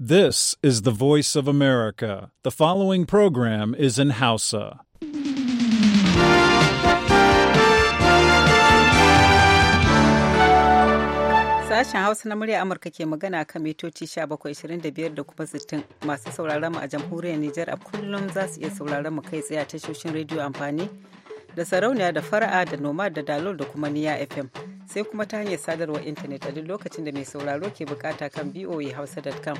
This is the voice of America. The following program is in Hausa. Sashen Hausa na murya Amurka ke magana kan mitoci 1725 da kuma 60 masu sauraron mu a jamhuriyar Nijar a kullum za su iya sauraron mu kai tsaye a tashoshin rediyo amfani da sarauniya da fara'a da noma da dalol da kuma niya FM. sai kuma ta hanyar sadarwar intanet a duk lokacin da mai sauraro ke bukata kan voahausa.com.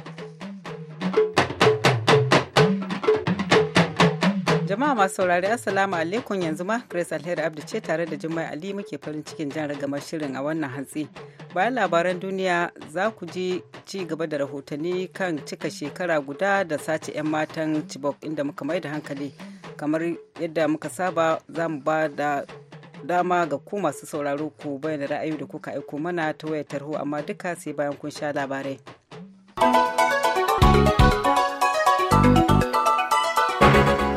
jama'a masu saurari assalamu alaikum yanzu ma grace alheri abdu ce tare da jimai ali muke farin cikin jan ragamar shirin a wannan hantsi bayan labaran duniya za ku ji ci gaba da rahotanni kan cika shekara guda da sace 'yan matan chibok inda muka mai da hankali kamar yadda muka saba za mu ba da dama ga ku masu sauraro ku bayyana ra'ayi da kuka aiko mana ta wayar tarho amma duka sai bayan kun sha labarai.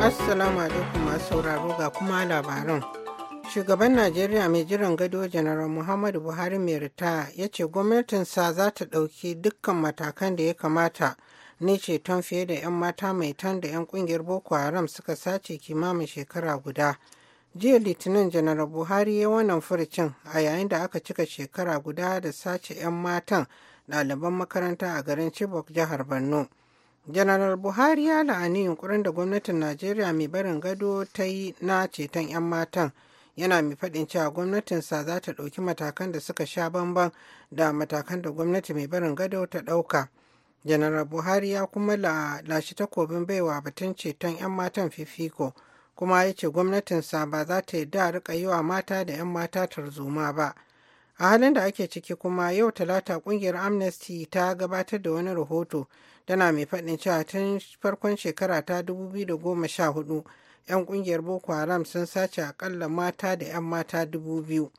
Assalamu alaikum masu sauraro ga kuma labaran. Shugaban Najeriya mai jiran gado Janaral Muhammadu Buhari mai ritaya ya ce gwamnatinsa za ta ɗauki dukkan matakan da ya kamata ne ceton fiye da 'yan mata mai tan da 'yan kungiyar Boko Haram suka sace kimamin shekara guda. jiya litinin janar buhari ya wannan furucin a yayin da aka cika shekara guda da sace 'yan matan ɗaliban makaranta a garin chibok jihar borno janaral buhari ya la'ani yunkurin da gwamnatin najeriya mai barin gado ta yi na ceton 'yan matan yana mai faɗin cewa gwamnatinsa za ta ɗauki matakan da suka sha bamban da matakan da gwamnati mai barin gado ta ɗauka janaral buhari ya kuma lashi takobin baiwa batun ceton 'yan matan fifiko kuma ya ce gwamnatinsa ba za ta yarda rika yi wa mata da 'yan mata tarzoma ba a halin da ake ciki kuma yau talata kungiyar amnesty ta gabatar da wani rahoto tana mai faɗin cewa tun farkon shekara ta 2014 'yan kungiyar boko haram sun sace akalla mata da 'yan mata 2000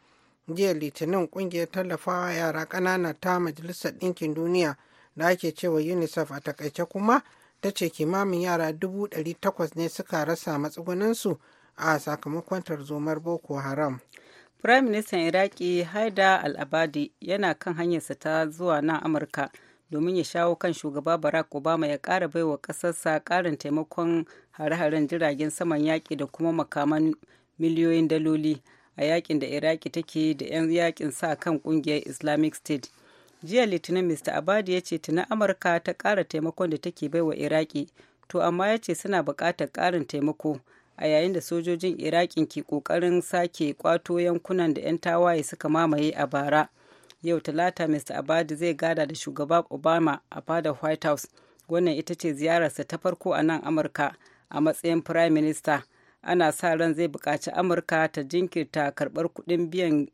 jiya litinin kungiyar tallafawa yara ƙanana ta majalisar ɗinkin duniya da ake cewa unicef a takaice kuma ta ce kimamin yara dubu ɗari takwas ne suka rasa matsugunansu a sakamakon tarzomar boko haram Firayim Ministan Iraki Haida Al-Abadi yana kan hanyarsa ta zuwa nan Amurka domin ya shawo kan shugaba Barack Obama ya ƙara baiwa ƙasarsa karin taimakon hare-haren jiragen saman yaƙi da kuma makaman miliyoyin daloli a yaƙin da Iraki take da 'yan yaƙin sa kan ƙungiyar Islamic State. jiya litinin mr abadi ya ce tuna amurka ta kara taimakon da take baiwa iraki to amma ya ce suna bukatar ƙarin taimako a yayin da sojojin irakin ke ƙoƙarin sake kwato yankunan da 'yan tawaye suka mamaye a bara yau talata mr abadi zai gada da shugaba obama a fada white house wannan ita ce ziyararsa ta farko a nan amurka a matsayin prime minister ana sa ran zai bukaci amurka ta jinkirta karɓar kuɗin biyan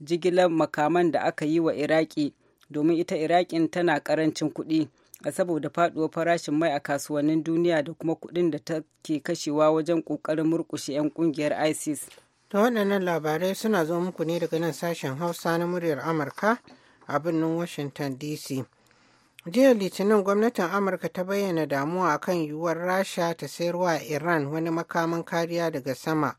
jigilar makaman da aka yi wa iraki domin ita iraƙin tana ƙarancin kuɗi a saboda faɗuwar farashin mai a kasuwannin duniya da kuma kuɗin da ta ke kashewa wajen ƙoƙarin murƙushe 'yan ƙungiyar isis da waɗannan labarai suna zo muku ne daga nan sashen hausa na muryar amurka a birnin washington dc jiya litinin gwamnatin amurka ta bayyana damuwa akan yiwuwar rasha ta sayarwa iran wani makamin kariya daga sama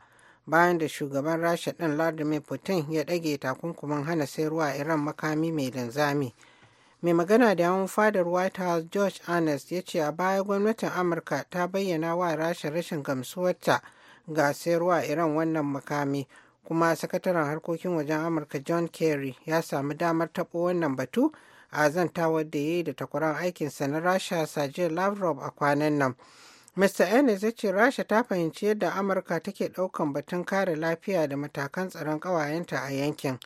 bayan da shugaban rasha ɗin vladimir putin ya ɗage takunkuman hana sayarwa iran makami mai linzami mai magana da yawon fadar white house george arnest ya ce a baya gwamnatin amurka ta bayyana wa rasha rashin gamsuwarta ga sayarwa iran wannan makami kuma sakataren harkokin wajen amurka john kerry ya samu damar taɓo wannan batu a zantawar da ya yi da takwaran aikinsa na rasha sajid lavrov a kwanan nan Mr. Ennis ya ce Rasha ta fahimci yadda Amurka take ɗaukan batun kare lafiya da matakan tsaron ƙawayenta a yankin.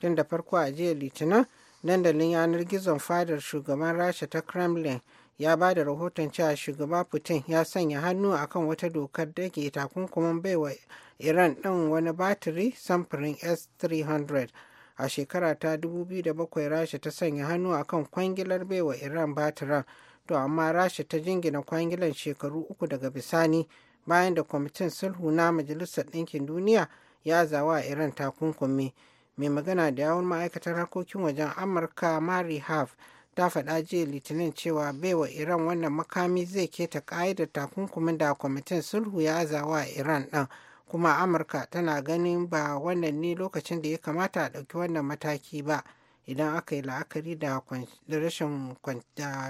Tun da farko a jiya Litinin, dandalin yanar gizon fadar shugaban Rasha ta Kremlin ya ba da rahoton cewa shugaba Putin ya sanya hannu akan wata dokar da ke takunkumin baiwa Iran ɗin wani batiri samfurin S-300. A shekara ta 2007 Rasha ta sanya hannu akan kwangilar baiwa Iran batiran to amma rasha ta jingina kwangilan shekaru uku daga bisani bayan da kwamitin sulhu na majalisar ɗinkin duniya ya zawa iran takunkumi mai magana da yawon ma'aikatar harkokin wajen amurka mari haf ta faɗa jiya litinin cewa baiwa iran wannan makami zai keta ƙa'idar takunkumin da kwamitin sulhu ya a iran ɗin kuma amurka tana ganin ba wannan ne lokacin da ya kamata a ɗauki wannan mataki ba idan aka yi la'akari da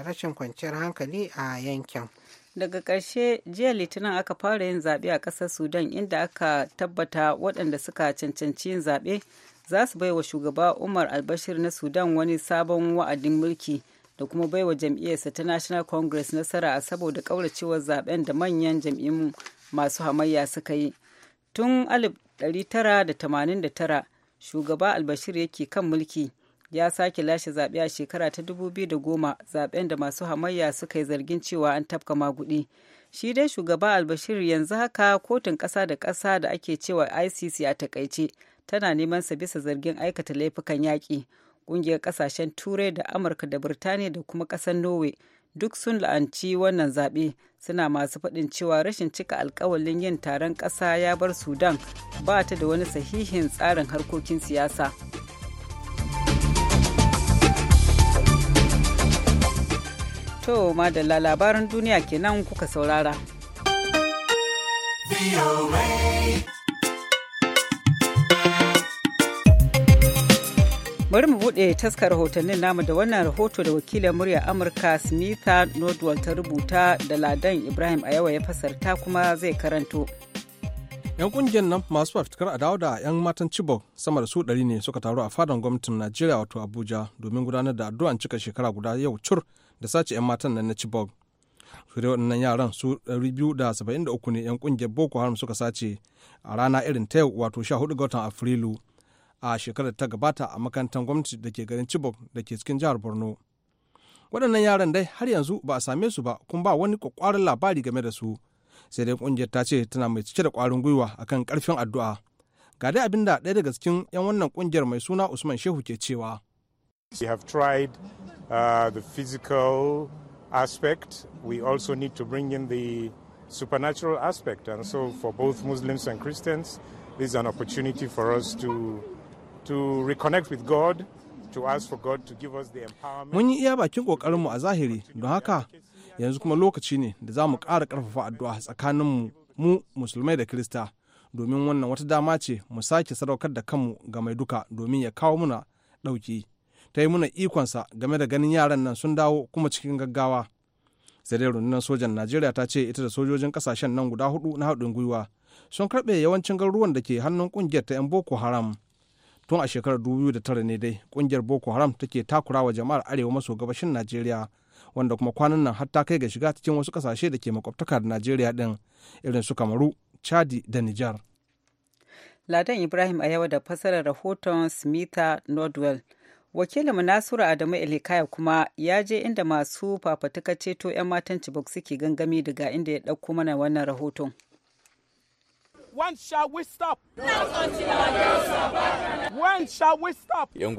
rashin kwanciyar hankali a yankin. daga ƙarshe jiya litinin aka fara yin zaɓe a ƙasar sudan inda aka tabbata waɗanda suka cancanci yin zaɓe za su wa shugaba umar albashir na sudan wani sabon wa'adin mulki da kuma baiwa jam'iyyarsa ta national congress nasara a saboda ƙauracewar zaɓen da manyan jam'iyyun masu hamayya suka yi tun 1989 shugaba albashir yake kan mulki ya sake lashe zaɓe a shekara ta 2010 zaɓen da masu hamayya suka yi zargin cewa an tafka maguɗi. Shi dai shugaba Albashir yanzu haka kotun ƙasa da ƙasa da ake cewa ICC a takaice tana neman sa bisa zargin aikata laifukan yaƙi. Ƙungiyar ƙasashen Turai da Amurka da Birtaniya da kuma ƙasar Norway duk sun la'anci wannan zaɓe suna masu faɗin cewa rashin cika alkawalin yin taron ƙasa ya bar Sudan ba ta da wani sahihin tsarin harkokin siyasa. To madalla labaran duniya kenan kuka saurara. Bari mu buɗe taskar rahotannin namu da wannan rahoto da wakilin murya Amurka Smitha nodwal ta rubuta da Ladan Ibrahim a yawa ya fasarta kuma zai karanto. 'Yan kungiyar nan masu a dawo da 'yan matan Chibok sama da su ɗari ne suka taru a fadan gwamnatin Najeriya wato Abuja domin gudanar da addu'an cika shekara guda yau cur da sace 'yan matan nan na Chibok. Su dai waɗannan yaran su 273 ne 'yan ƙungiyar Boko Haram suka sace a rana irin ta yau wato 14 ga watan Afrilu a shekarar ta gabata a makarantar gwamnati da ke garin Chibok da ke cikin jihar Borno. Waɗannan yaran dai har yanzu ba a same su ba kuma ba wani kwakwaran labari game da su. Sai dai ƙungiyar ta ce tana mai cike da ƙwarin gwiwa akan ƙarfin addu'a. Ga dai abin da ɗaya daga cikin 'yan wannan ƙungiyar mai suna Usman Shehu ke cewa. We have uh, the physical aspect, we also need to bring in the supernatural aspect. And so, for both Muslims and Christians, this is an opportunity for us to, to reconnect with God, to ask for God to give us the empowerment. Mun yi iya bakin ƙoƙarinmu a zahiri, don haka yanzu kuma lokaci ne da za mu ƙara ƙarfafa addu'a tsakanin mu musulmai da Kirista. Domin wannan wata dama ce mu sake sadaukar da kanmu ga mai duka domin ya kawo muna ɗauki. ta yi muna ikonsa game da ganin yaran nan sun dawo kuma cikin gaggawa sai dai rundunar sojan najeriya ta ce ita da sojojin kasashen nan guda hudu na haɗin gwiwa sun karɓe yawancin garuruwan da ke hannun kungiyar ta 'yan boko haram tun a shekarar tara ne dai kungiyar boko haram take wa jama'ar arewa maso gabashin najeriya wanda kuma kwanan nan har ta kai ga shiga cikin wasu kasashe da ke makwabtaka da najeriya din irin su kamaru chadi da nijar ladan ibrahim a yau da fassarar rahoton smitha nordwell wakilin nasiru adamu elikaya kuma ya je inda masu fafatuka ceto 'yan matan cibok suke gangami daga inda ya ɗauko mana wannan rahoton When shall we stop? When shall we stop? Yan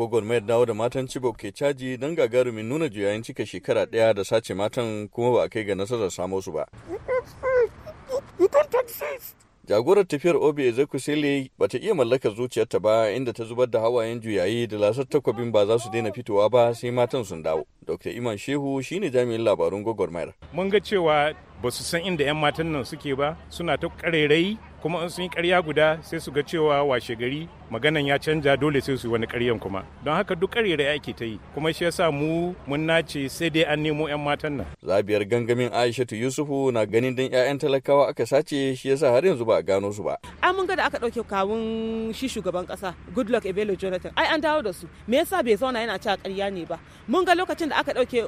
dawo da matan Chibok ke caji don gagarumin nuna juyayin cika shekara ɗaya da sace matan kuma ba a kai ga nasarar samo su ba. jagorar tafiyar obi ezekusele ba ta iya mallaka zuciyarta ba inda ta zubar da hawayen juyayi da lasar takwabin ba za su daina fitowa ba sai matan sun dawo dr iman shehu shine jami'in labarun gwagwarmayar mun ga cewa ba su san inda 'yan matan nan suke ba suna ta ƙarairayi kuma in sun yi ƙarya guda sai su ga cewa washe gari maganan ya canja dole sai su yi wani ƙaryan kuma don haka duk ƙarairayi ake ta yi kuma shi yasa mu mun nace sai dai an nemo 'yan matan nan. zabiyar gangamin aishatu yusufu na ganin dan 'ya'yan talakawa aka sace shi yasa har yanzu ba a gano su ba. ai mun ga da aka ɗauke kawun shi shugaban ƙasa goodluck ebele jonathan ai an dawo da su me yasa bai zauna yana cewa karya ne ba mun ga lokacin da aka ɗauke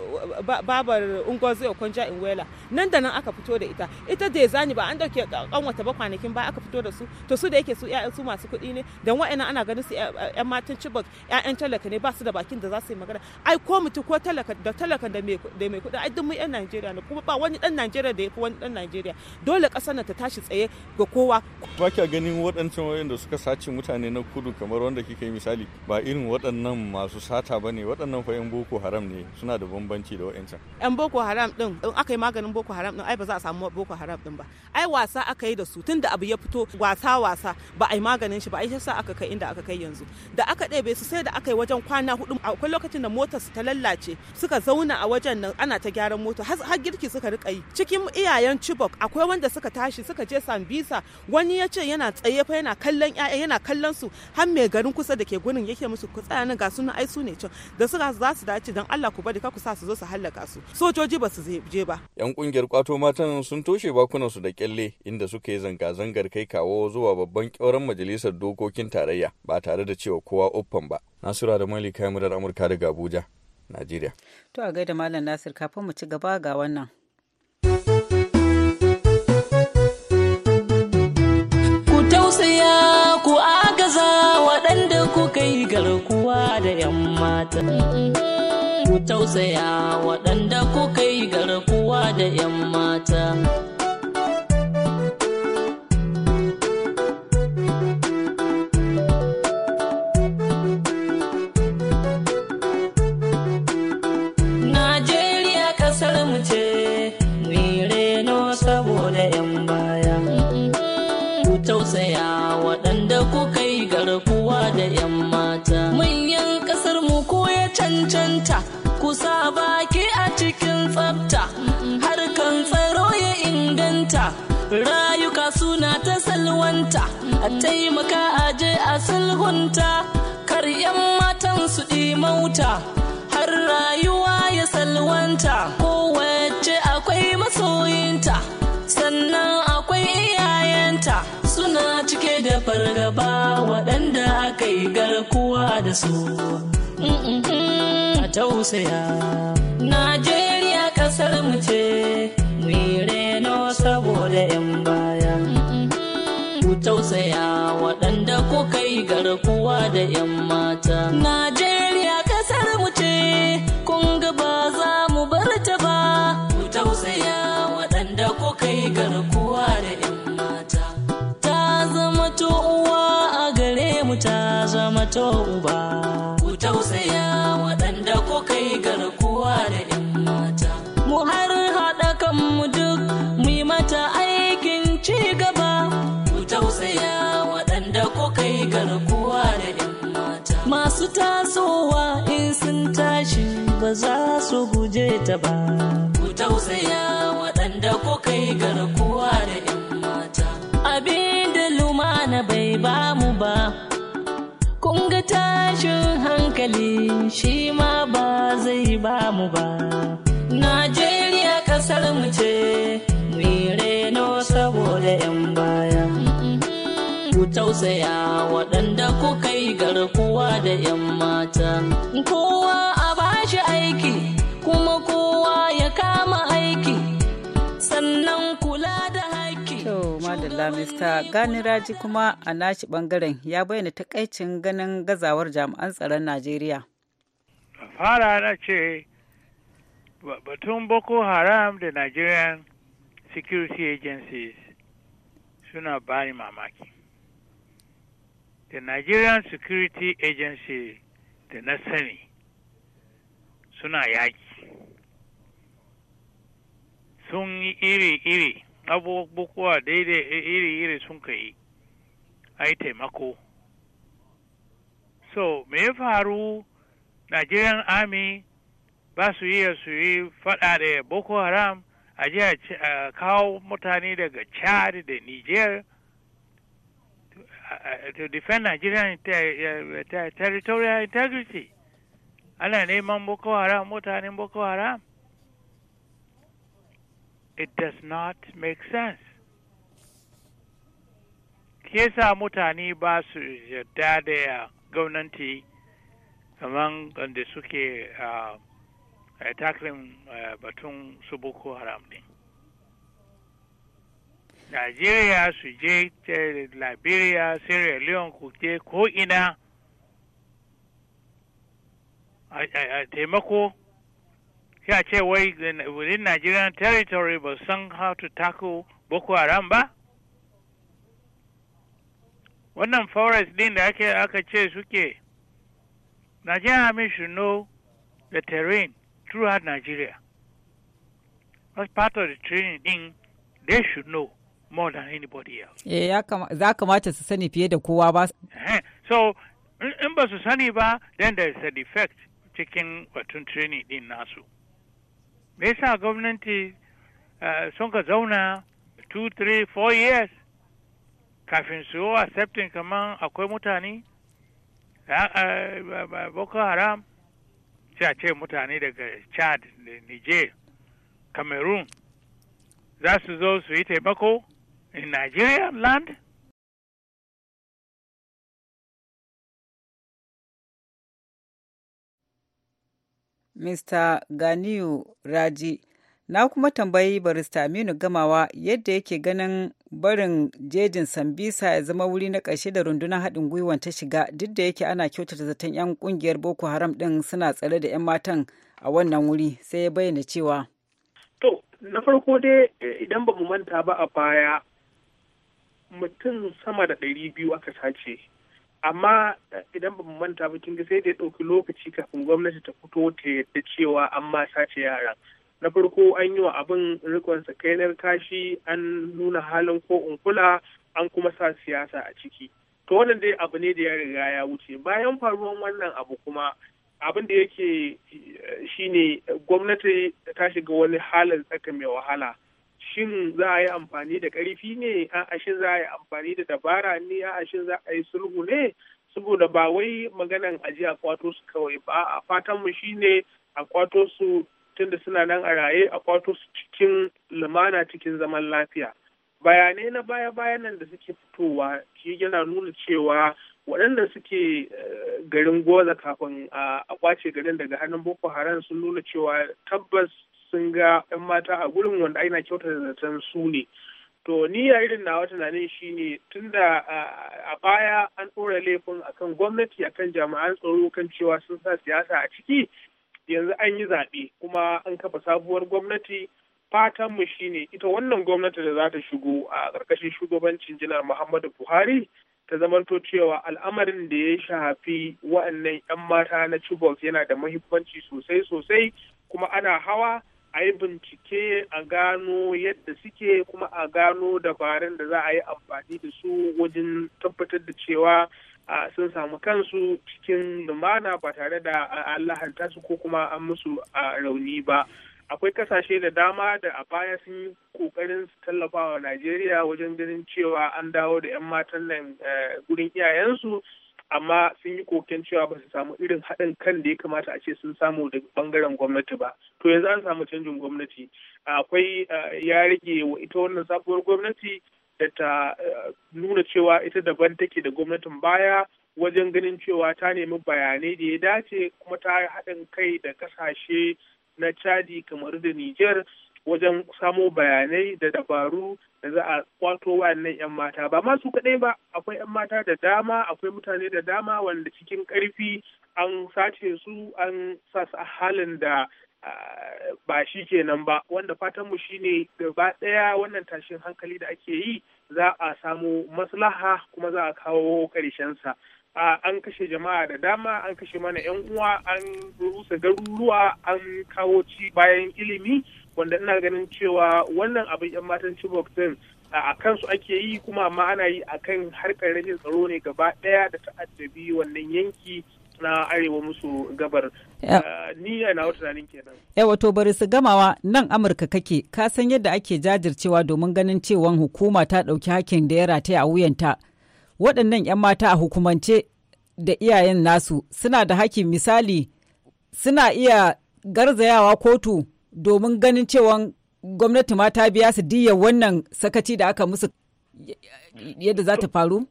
babar ungozi okonja inwela nan da nan aka fito da ita ita zani ba an dauke kanwata ba kwanakin ba aka fito da su to su da yake su ƴaƴan su masu kuɗi ne dan wa'annan ana ganin su ƴan matan cibok ƴaƴan talaka ne ba su da bakin da za su yi magana ai ko mutu ko talaka da talaka da mai da mai kuɗi ai duk mu ƴan Najeriya ne kuma ba wani dan Najeriya da yafi wani dan Najeriya dole ƙasar ta tashi tsaye ga kowa ba kya ganin waɗancan da suka sace mutane na kudu kamar wanda kika yi misali ba irin waɗannan masu sata bane waɗannan fa yan boko haram ne suna da bambanci da waɗancan yan boko haram din in aka yi maganin boko haram din ai ba za a samu boko haram din ba ai wasa aka yi da su tun da abu ya fito wasa wasa ba a yi maganin shi ba ai sa aka kai inda aka kai yanzu da aka ɗebe su sai da aka yi wajen kwana hudu akwai lokacin da motar su ta lallace suka zauna a wajen nan ana ta gyaran mota har girki suka rika yi cikin iyayen chibok akwai wanda suka tashi suka je sambisa wani ya ce yana tsaye fa yana kallon 'ya'ya yana kallon su har mai garin kusa da ke gurin yake musu ku tsaya nan ga su ai su ne can da suka za su dace dan Allah ku bari ka ku sa su zo su hallaka su sojoji ba su je ba yan kungiyar kwato matan sun toshe bakunansu da kyalle inda suka yi zanga-zangar kai kawo zuwa babban kyauren majalisar dokokin tarayya ba tare da cewa kowa uffan ba. Nasura da Malika Murar Amurka daga Abuja, Najeriya. To a gaida Malam Nasir kafin mu ci gaba ga wannan. Ku tausaya ku agaza waɗanda ku yi garkuwa da 'yan matan. ku tausaya waɗanda kuka yi garkuwa da 'yan mata. a taimaka aje a sulhunta kar 'yan matan su mauta har rayuwa ya salwanta kowace akwai masoyinta sannan akwai iyayenta suna cike da fargaba waɗanda aka yi garkuwa da su a tausaya najeriya ƙasar mu ce mu saboda 'yan baya tausaya waɗanda ko kai garkuwa da 'yan mata. Najeriya kasar mu ce, kun ga ba za mu bar ta ba. Ku tausaya waɗanda ko kai garkuwa da 'yan mata. Ta zama to uwa a gare mu ta zama to uba. su tasowa in sun tashi ba za su guje ta ba ku tausaya waɗanda ko kai garkuwa da 'yan mata abin da lumana bai ba mu ba kun ga tashin hankali shi ma ba zai ba mu ba najeriya ƙasar mu ce mu reno saboda 'yan baya tausaya waɗanda ku kai garkuwa da 'yan mata. Kowa a bashi aiki, kuma kowa ya kama aiki, sannan kula da haƙƙi. To, Madalla Lamista, gani raji kuma a nashi ɓangaren ya bayyana takaicin ganin gazawar jami'an tsaron Najeriya. fara na ce batun Boko Haram da Nigerian Security Agencies suna bani mamaki. da nigerian security agency da na sani suna yaki sun yi iri-iri abubuwa daidai iri-iri sun ka yi a yi taimako so me ya faru nigerian army ba su iya su yi fada da boko haram a a kawo mutane daga chad da niger Uh, to defend Nigerian ter- uh, ter- territorial integrity. Ana neman Boko Haram, mutanen Boko Haram. It does not make sense. Kesa mutani mutane ba su yarda da gwamnati kamar da suke uh, taklin batun su Haram din. Najeriya su je Liberia, Sierra Leone ku je ko ina a taimako ya ce wai within Nigerian territory ba san how to tackle Boko Haram ba? Wannan forest din da aka ce suke Nigerian Army should know the terrain throughout Nigeria. As part of the training din, they should know. more than anybody else. Eh, za kamata su sani fiye da kowa ba. Eh, so, in ba su sani ba, then there is a defect cikin batun training din nasu. Me yasa gwamnati eh, sun ka zauna 2, 3, 4 years kafin su yi accepting kamar akwai mutane, eh, Boko Haram, sai a ce mutane daga Chad, Niger, Cameroon, za su zo su yi taimako in Nigeria land Mr. Ganiyu Raji. Na kuma tambayi barista Aminu Gamawa yadda yake ganin barin jejin Sambisa ya zama wuri na ƙarshe da rundunar haɗin gwiwan ta shiga duk da yake ana kyautata zaton 'yan ƙungiyar Boko Haram ɗin suna tsare da 'yan matan a wannan wuri sai ya bayyana cewa. To, na farko dai eh, idan ba mu manta ba a baya mutum sama da ɗari biyu aka sace amma eh, idan ba mu manta ba kinga sai da ya ɗauki lokaci kafin gwamnati ta fito ta yadda cewa an ma sace yaran na farko an yi wa abin rikon sakainar kashi an nuna halin ko kula an kuma sa siyasa a ciki to wannan dai abu ne da ya riga ya wuce bayan faruwan wannan abu kuma abin da yake eh, shine gwamnati ta shiga wani halin tsaka mai wahala shin za a yi amfani da ƙarfi ne a shin za a yi amfani da dabara ne a shin za a yi sulhu ne saboda ba wai maganan aji a kwato su kawai ba a fatan mu shine a kwato su tunda suna nan a raye a kwato su cikin lumana cikin zaman lafiya bayanai na baya bayan nan da suke fitowa shi yana nuna cewa waɗanda suke eh, garin goza kafin ah, a kwace garin daga hannun boko haram sun nuna cewa tabbas sun ga 'yan mata a gurin wanda ana kyautata zaton su ne to ni ya irin nawa tunanin shine da a baya an ɗora laifin akan gwamnati akan jami'an tsaro kan cewa sun sa siyasa a ciki yanzu an yi zaɓe kuma an kafa sabuwar gwamnati fatanmu ne ita wannan gwamnati da za ta shigo a ƙarƙashin shugabancin jinar muhammadu buhari ta zamanto cewa al'amarin da ya shafi wa'annan 'yan mata na chibok yana da muhimmanci sosai sosai kuma ana hawa a yi bincike a gano yadda suke kuma a gano dabarun da za a yi amfani da su wajen tabbatar da cewa sun samu kansu cikin lumana ba tare da allahanta su ko kuma an musu rauni ba akwai kasashe da dama da a baya sun yi kokarin su tallafa najeriya wajen ganin cewa an dawo da 'yan matan nan eh, gurin iyayensu amma sun yi koken cewa ba su samu irin haɗin kan da ya kamata a ce sun samu da bangaren gwamnati ba to yanzu an samu canjin gwamnati akwai eh, ya rage wa ita wannan sabuwar gwamnati da ta eh, nuna cewa ita daban take da gwamnatin baya wajen ganin cewa ta nemi bayanai da ya dace kuma ta haɗin kai da ƙasashe na chadi kamar da niger wajen samo bayanai da dabaru da za a kwato wayannan 'yan mata ba masu kaɗai ba akwai 'yan mata da dama akwai mutane da dama wanda cikin ƙarfi an sace su an sa su a halin da ba shi kenan ba wanda fatanmu shine gaba ɗaya wannan tashin hankali da ake yi za a samu maslaha kuma za a kawo ƙarshensa an kashe jama'a da dama an kashe mana 'yan uwa an rusa garuruwa an kawo ci bayan ilimi wanda ina ganin cewa wannan abin 'yan matan Chibok din a kansu ake yi kuma amma ana yi a kan harkar rajin tsaro ne gaba ɗaya da ta'addabi wannan yanki na arewa musu gabar ni na tunanin kenan. Yawa to bari su gamawa nan Amurka kake ka san yadda ake jajircewa domin ganin cewa hukuma ta ɗauki hakin da ya rataya a wuyanta. Waɗannan 'yan mata a hukumance da iyayen nasu suna da hakin misali suna iya garzayawa kotu domin ganin cewa gwamnati ma ta biya su diya wannan sakaci da aka musu yadda za ta faru?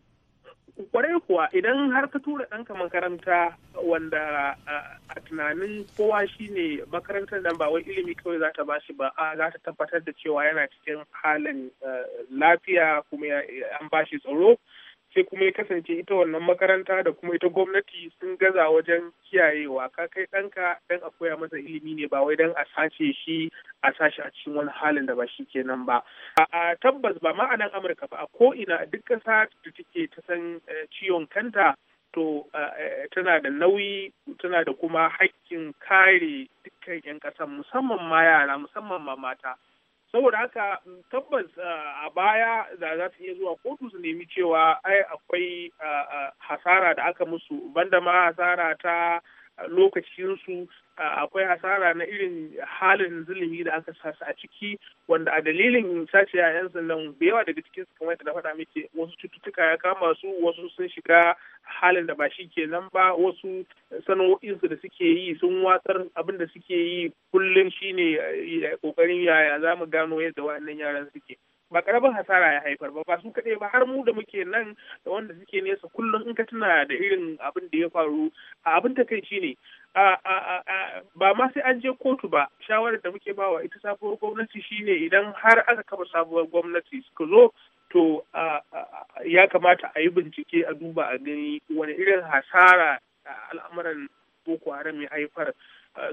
Kwarai kuwa idan har ka tura ɗanka makaranta wanda a tunanin kowa shine makarantar nan ba wai ilimi kawai za ta bashi ba a za ta tabbatar da cewa yana cikin halin eh, lafiya kuma an bashi tsoro sai kuma ya kasance ita wannan makaranta da kuma ita gwamnati sun gaza wajen kiyayewa ka kai ɗanka dan a koya masa ilimi ne ba wai dan a sace shi a sashi a cikin wani halin da ba shi kenan ba a tabbas ba ma amurka ba a ko ina duk ƙasa da take ta san eh, ciwon kanta to eh, tana da nauyi tana da kuma hakkin kare dukkan 'yan ƙasa musamman ma yara musamman ma mata saboda haka mm, tabbas uh, a baya da za su iya zuwa kotu su nemi cewa ai akwai uh, uh, hasara da aka musu banda ma hasara ta lokacinsu akwai hasara na irin halin zulumi da aka sasa a ciki wanda a dalilin sace yayan sandan da yawa daga cikin su kamar da faɗa miki wasu cututtuka ya kama su wasu sun shiga halin da ba shi kenan ba wasu sana'o'insu da suke yi sun watsar abin da suke yi kullum shine kokarin eh, yaya za mu gano yadda waɗannan yaran suke ba karamin hasara ya haifar ba ba su kaɗai ba har mu da muke nan da wanda suke nesa kullum in ka tuna da irin abin da ya faru a abin ta kai ne ba ma sai an je kotu ba shawarar da muke bawa ita sabuwar gwamnati shine idan har aka kafa sabuwar gwamnati suka zo to ya kamata a yi bincike a duba a gani wani irin hasara al'amuran boko haram ya haifar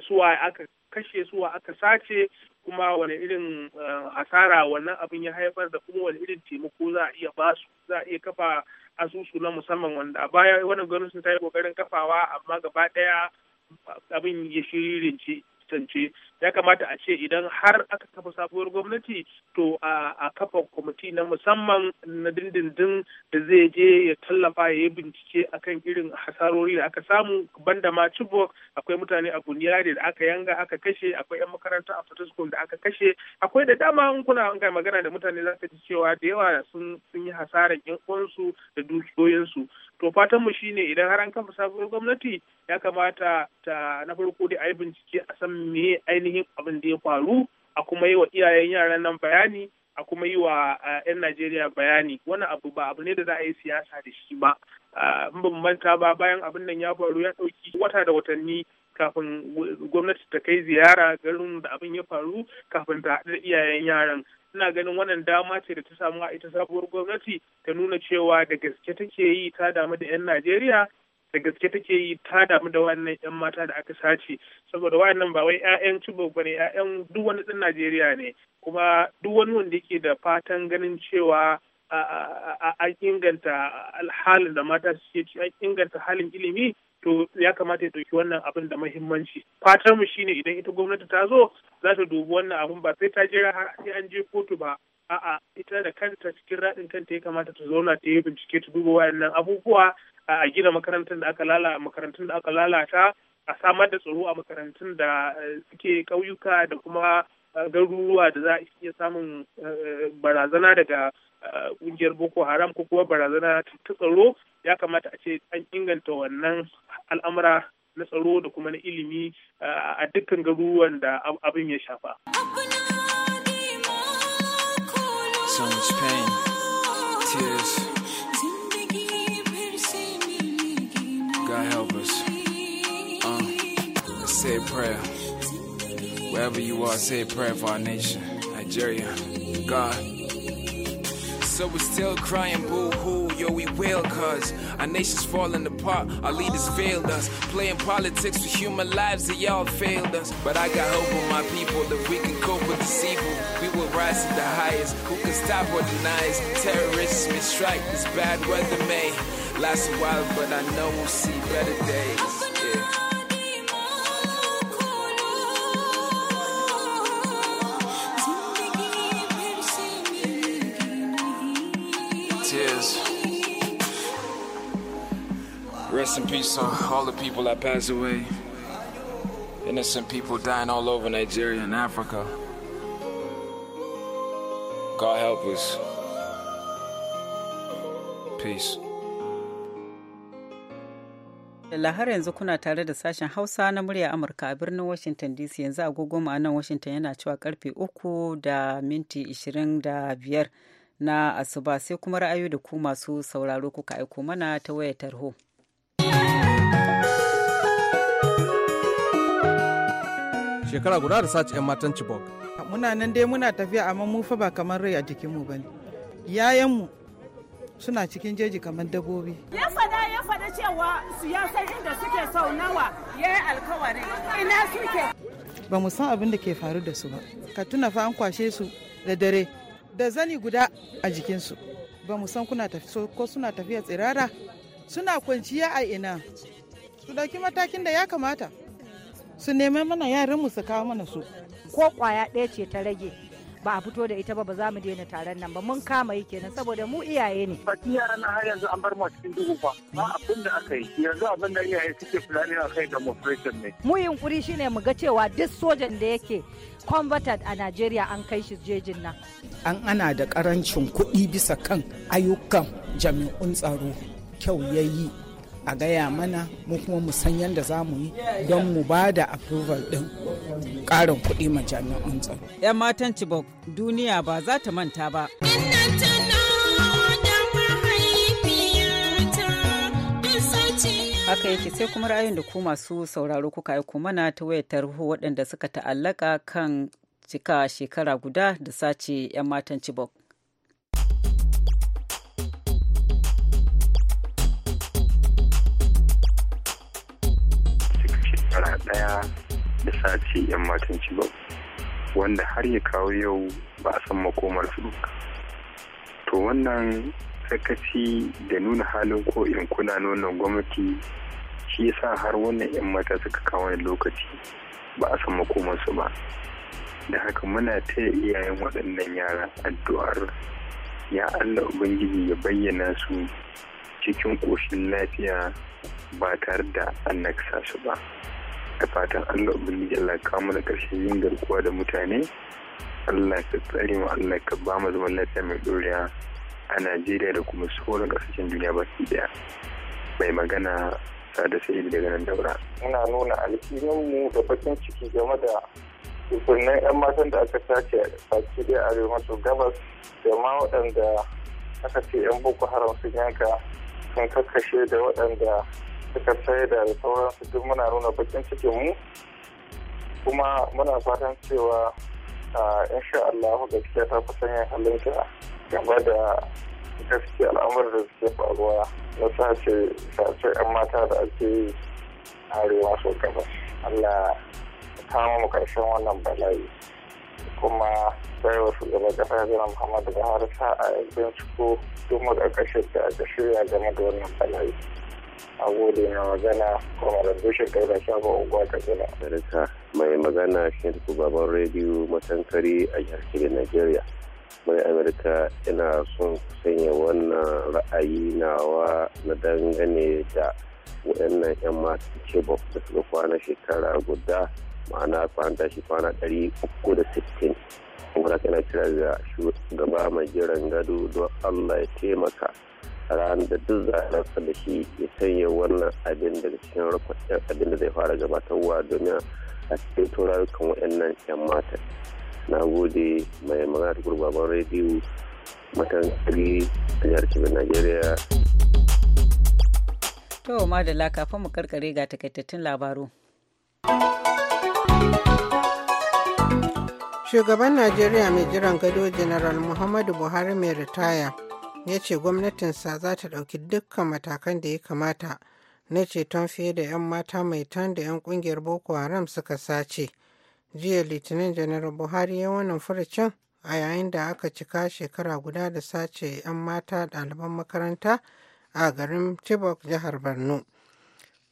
suwa aka kashe suwa aka sace kuma wani irin eh, asara wannan abin ya haifar da kuma wani irin taimako za a iya su za a iya kafa asusu na musamman wanda a baya wannan gwamnati ta yi kokarin kafawa amma gaba daya abin ya tance ya kamata a ce idan har aka kafa sabuwar gwamnati to a kafa kwamiti na musamman na dindindin da zai je ya tallafa ya yi bincike akan irin hasarori da aka samu banda ma chibok akwai mutane a bunyari da aka yanga aka kashe akwai yan makaranta a fataskul da aka kashe akwai da dama in kuna an magana da mutane za ka ji cewa da yawa sun yi hasarar yan uwansu da dukiyoyinsu to fatan mu shine idan har an kafa sabuwar gwamnati ya kamata ta na farko dai a yi bincike a san me ainihin ainihin abin da ya faru a kuma yi wa iyayen yaran nan bayani a kuma yi wa 'yan eh, Najeriya bayani wannan abu ba abu ne da za a yi siyasa da shi ba ah, in ban manta ba bayan abin nan ya faru ya ɗauki wata da watanni kafin gwamnati ta kai ziyara garin da abin ya faru kafin ta haɗu da iyayen yaran ina ganin wannan dama ce da ta samu a ita sabuwar gwamnati ta nuna cewa da gaske take yi ta damu da 'yan Najeriya da gaske take yi ta damu da wannan yan mata da aka sace saboda wayannan ba wai 'ya'yan cibo bane ƴaƴan 'ya'yan duk wani ɗan najeriya ne kuma duk wani wanda yake da fatan ganin cewa a inganta halin da mata suke ci an inganta halin ilimi to ya kamata ya ɗauki wannan abin da mahimmanci fatar mu shine idan ita gwamnati ta zo za ta dubi wannan abin ba sai ta jira har sai an je kotu ba a'a ita da kanta cikin raɗin kanta ya kamata ta zauna ta yi bincike ta duba wayannan abubuwa a gina makarantun da aka lalata makarantun da aka lalata a samar da tsaro a makarantun da eh, suke ƙauyuka da kuma eh, garuruwa da za a iya samun eh, barazana daga ƙungiyar boko haram ko kuma barazana ta tsaro ya kamata a ce an inganta wannan al'amura na tsaro da kuma na ilimi a dukkan garuruwan da abin ya shafa. Tears. God help us. Uh, say a prayer. Wherever you are, say a prayer for our nation. Nigeria. God. So we're still crying boo hoo, yo, we will, cuz our nation's falling apart, our leaders failed us. Playing politics with human lives, they all failed us. But I got hope for my people that we can cope with this evil. We will rise to the highest. Who can stop what deny Terrorists may strike, this bad weather may. Last a while, but I know we'll see better days. Tears. Rest in peace on all the people that passed away. Innocent people dying all over Nigeria and Africa. God help us. Peace. da lahar yanzu kuna tare da sashen Hausa na murya Amurka a birnin Washington DC yanzu agogo nan Washington yana cewa karfe uku da minti 25 na asuba sai kuma ra'ayi da ku masu sauraro kuka aiko mana ta wayar tarho. Shekara guda da sace 'yan matan Chibok. Muna nan dai muna tafiya amma mu fa ba kamar rai a jikinmu bane. Yayanmu suna cikin jeji kamar dabbobi. Ya fada ya fada cewa su ya san inda suke sau nawa ya yi alkawarin ina suke. Ba mu san abin da ke faru da su ba. Ka tuna fa an kwashe su da dare da zani guda a jikinsu. Ba mu san kuna tafi ko suna tafiya tsirara suna kwanciya a ina. Su ɗauki matakin da ya kamata. Su neman mana yaran mu su kawo mana su. Ko kwaya ɗaya ce ta rage. ba a fito da ita ba ba za mu daina taron nan ba mun kama yi kenan saboda mu iyaye ne. Baki yaran har yanzu an bar mu cikin dubu ba ba abin da aka yi yanzu abin da iyaye suke filani a kai demonstration ne. Mu yunkuri shine mu ga cewa duk sojan da yake converted a Najeriya an kai shi jejin nan. An ana da karancin kuɗi bisa kan ayyukan jami'un tsaro kyau ya yi a gaya mana mu kuma mu san yadda za mu yi don mu ba da approval din ƙarin kuɗi ma jami'an tsaro. 'Yan matan Chibok duniya ba za ta manta ba. haka yake sai kuma ra'ayin da ku masu sauraro kuka aiko mana ta wayar tarho waɗanda suka ta'allaka kan cika shekara guda da sace 'yan matan Chibok. ɗaya da sace 'yan matan ba wanda har ya kawo yau ba a san makomar su to wannan sakaci da nuna halin ko in kuna nunan gwamnati shi yasa har wannan 'yan mata suka kawo wani lokaci ba a san su ba da haka muna taya iyayen waɗannan yara addu'ar ya allah ubangiji ya bayyana su cikin ƙoshin lafiya ba tare da annaksa su ba da fatan Allah ubangiji Allah ya kawo mana karshen yin garkuwa da mutane Allah ka tsare mu Allah ka ba mu zaman lafiya mai dorewa a Najeriya da kuma sauran ƙasashen duniya baki daya mai magana sada sai daga nan daura ina nuna alhinin mu da bakin ciki game da tukunan 'yan matan da aka sace a baki arewa maso gabas da ma waɗanda aka ce 'yan boko haram sun yanka sun kakkashe da waɗanda suka sai da sauransu duk muna nuna bakin cikin mu kuma muna fatan cewa a insha Allah gaskiya ta fi sanya halinta game da gaskiya al'amuran da suke faruwa na sace sace 'yan mata da ake yi arewa so gabas Allah kama mu karshen wannan bala'i kuma baiwa shugaban kasa jira muhammadu buhari sa'a ya binciko duk mu da kashe da ga shirya game da wannan bala'i a gode na magana kuma da bushe karba shafa unguwa katsina. mai magana shi baban rediyo matankari a jihar Kebbi Najeriya. Mai Amerika ina son sanya wannan ra'ayi nawa na dangane da waɗannan 'yan mata ke da suka kwana shekara guda ma'ana kwanta shi kwana ɗari uku da sittin. Kuma kana kira ga shugaba mai jiran gado don Allah ya taimaka ran da duk zanarsa da shi ya sanya wannan abin daga cikin rakwacin abin da zai fara gabatarwa domin a cikin turarukan waɗannan 'yan mata na gode mai magana da gurbaban rediyo matan kiri a jihar kebbi najeriya to madalla kafin mu karkare ga takaitattun labaru shugaban najeriya mai jiran gado general muhammadu buhari mai ritaya ya ce gwamnatinsa za ta ɗauki dukkan matakan da ya kamata na ceton fiye da 'yan mata mai tan da 'yan ƙungiyar boko haram suka sace jiya litinin janar buhari ya wannan furucin a yayin da aka cika shekara guda da sace 'yan mata ɗaliban makaranta a garin Chibok jihar Borno.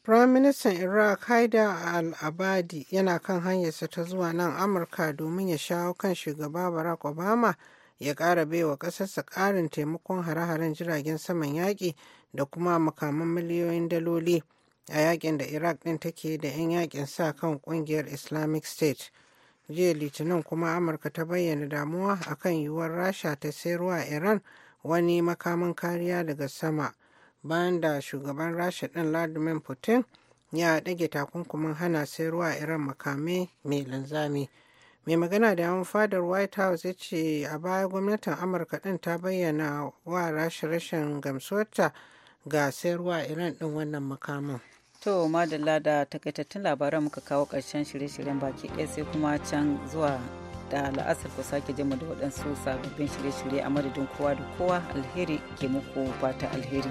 Prime Minister Iraq haida al-Abadi yana kan hanyarsa ta zuwa nan Amurka domin ya shawo kan shugaba Barack Obama ya ƙara baiwa ƙasarsa ƙarin taimakon hare-haren jiragen saman yaƙi da kuma makaman miliyoyin daloli a yaƙin da iraq ɗin take da 'yan yaƙin sa kan ƙungiyar islamic state jiya litinin kuma amurka ta bayyana damuwa akan yiwuwar rasha ta sayarwa iran wani makamin kariya daga sama bayan da shugaban rasha ɗin vladimir putin ya ɗage takunkumin hana sayarwa iran makamai mai linzami. mai magana da yawan fadar white house ya ce a baya gwamnatin amurka din ta bayyana wa rashin rashin gamsuwarta ga sayarwa iran din wannan makamin to madalla da takaitattun labaran muka kawo karshen shirye-shiryen baki ɗaya sai kuma can zuwa da la'asar ku sake jima da waɗansu sababbin shirye-shirye a madadin kowa da kowa alheri ke muku bata alheri